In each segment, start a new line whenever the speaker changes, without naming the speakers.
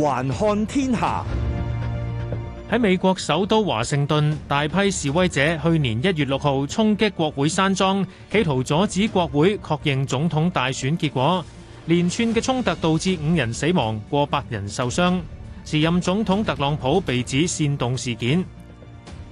環看天下，喺美國首都華盛頓，大批示威者去年一月六號衝擊國會山莊，企圖阻止國會確認總統大選結果。連串嘅衝突導致五人死亡，過百人受傷。時任總統特朗普被指煽動事件。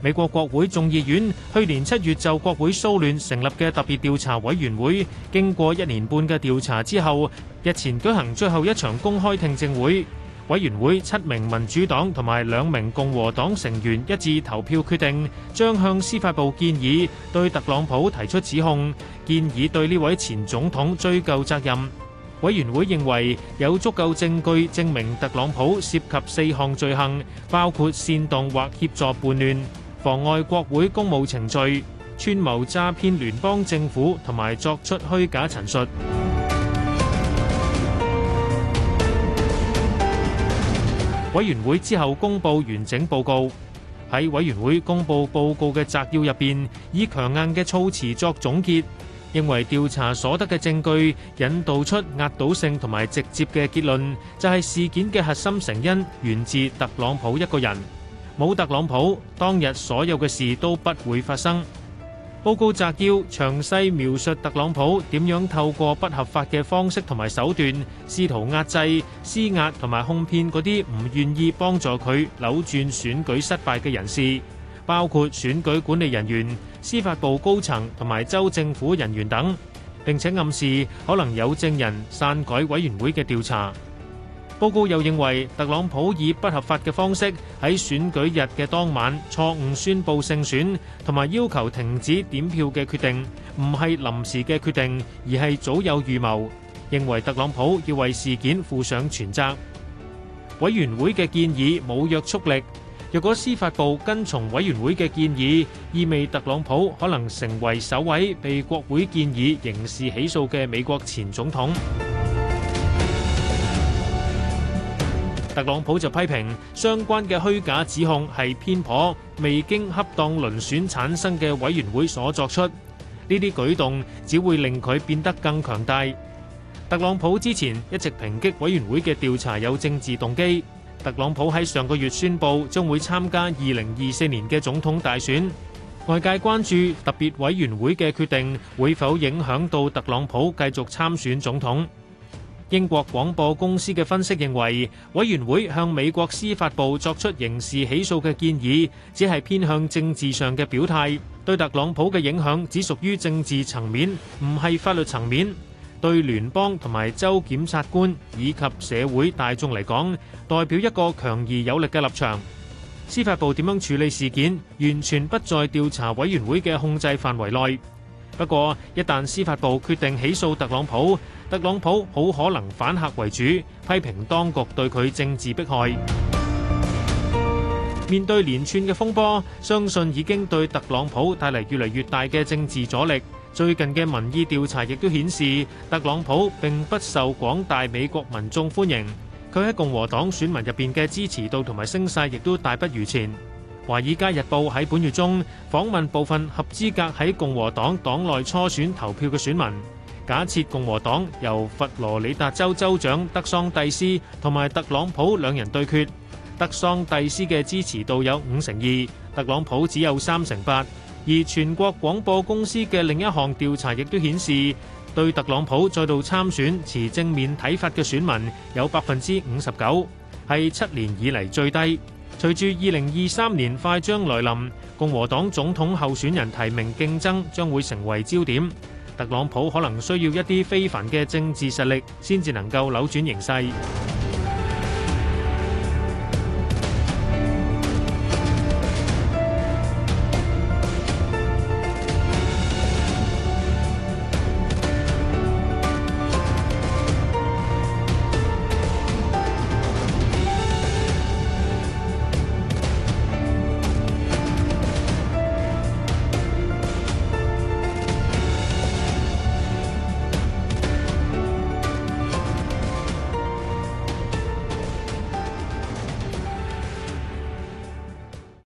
美國國會眾議院去年七月就國會騷亂成立嘅特別調查委員會，經過一年半嘅調查之後，日前舉行最後一場公開聽證會。委員會七名民主黨同埋兩名共和黨成員一致投票決定，將向司法部建議對特朗普提出指控，建議對呢位前總統追究責任。委員會認為，有足夠證據證明特朗普涉及四項罪行，包括煽動或協助叛亂、妨礙國會公務程序、串謀詐騙聯邦政府同埋作出虛假陳述。委員會之後公布完整報告，喺委員會公布報告嘅摘要入邊，以強硬嘅措辭作總結，認為調查所得嘅證據引導出壓倒性同埋直接嘅結論，就係事件嘅核心成因源自特朗普一個人，冇特朗普，當日所有嘅事都不會發生。報告摘要詳細描述特朗普點樣透過不合法嘅方式同埋手段，試圖壓制、施壓同埋控騙嗰啲唔願意幫助佢扭轉選舉失敗嘅人士，包括選舉管理人員、司法部高層同埋州政府人員等，並且暗示可能有證人篡改委員會嘅調查。報告又認為，特朗普以不合法嘅方式喺選舉日嘅當晚錯誤宣佈勝選，同埋要求停止點票嘅決定，唔係臨時嘅決定，而係早有預謀。認為特朗普要為事件負上全責。委員會嘅建議冇約束力。若果司法部跟從委員會嘅建議，意味特朗普可能成為首位被國會建議刑事起訴嘅美國前總統。特朗普就批評相關嘅虛假指控係偏頗、未經恰當輪選產生嘅委員會所作出，呢啲舉動只會令佢變得更強大。特朗普之前一直抨擊委員會嘅調查有政治動機。特朗普喺上個月宣佈將會參加二零二四年嘅總統大選。外界關注特別委員會嘅決定會否影響到特朗普繼續參選總統。英國廣播公司嘅分析認為，委員會向美國司法部作出刑事起訴嘅建議，只係偏向政治上嘅表態，對特朗普嘅影響只屬於政治層面，唔係法律層面。對聯邦同埋州檢察官以及社會大眾嚟講，代表一個強而有力嘅立場。司法部點樣處理事件，完全不在調查委員會嘅控制範圍內。不過，一旦司法部決定起訴特朗普，特朗普好可能反客為主，批評當局對佢政治迫害。 面對連串嘅風波，相信已經對特朗普帶嚟越嚟越大嘅政治阻力。最近嘅民意調查亦都顯示，特朗普並不受廣大美國民眾歡迎。佢喺共和黨選民入邊嘅支持度同埋聲勢亦都大不如前。《華爾街日報》喺本月中訪問部分合資格喺共和黨黨內初選投票嘅選民，假設共和黨由佛羅里達州州長德桑蒂斯同埋特朗普兩人對決，德桑蒂斯嘅支持度有五成二，特朗普只有三成八。而全國廣播公司嘅另一項調查亦都顯示，對特朗普再度參選持正面睇法嘅選民有百分之五十九，係七年以嚟最低。隨住二零二三年快將來臨，共和黨總統候選人提名競爭將會成為焦點。特朗普可能需要一啲非凡嘅政治實力，先至能夠扭轉形勢。